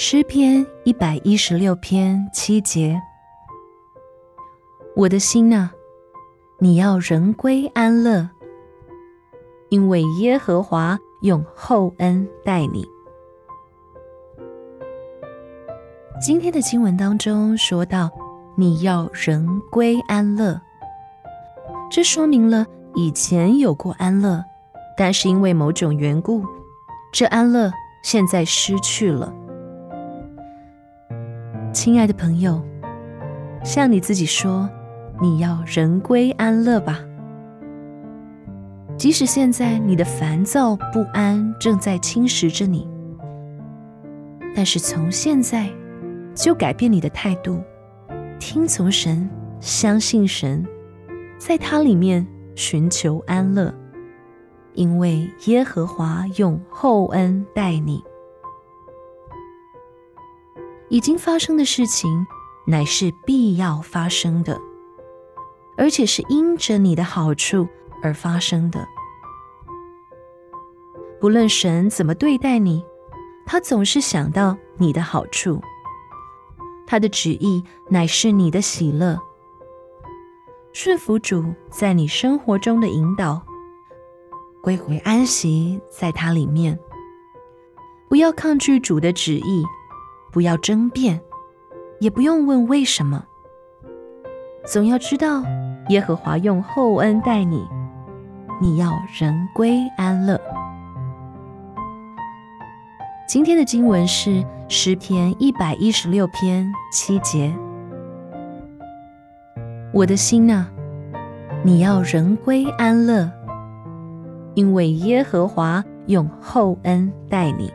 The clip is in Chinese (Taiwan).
詩篇一百一十六篇七節，我的心哪！你要仍歸安樂，因為耶和華用厚恩待你。今天的經文當中說到你要仍歸安樂，這說明了以前有過安樂，但是因為某種緣故，這安樂現在失去了。親愛的朋友，向你自己說：“你要仍歸安樂吧。”即使現在你的煩躁不安正在侵蝕着你，但是從現在就改變你的態度，聽從神，相信神，在他裡面尋求安樂，因為耶和華用厚恩待你。已經發生的事情，乃是必要發生的，而且是因着你的好處而發生的。不論神怎麼對待你，他總是想到你的好處。他的旨意乃是你的喜樂。順服主在你生活中的引導，歸回安息在他裡面。不要抗拒主的旨意。不要爭辯，也不用問為什麼。總要知道，耶和華用厚恩待你，你要人歸安樂。今天的經文是詩篇一百一十六篇七節。我的心呢、啊，你要人歸安樂，因為耶和華用厚恩待你。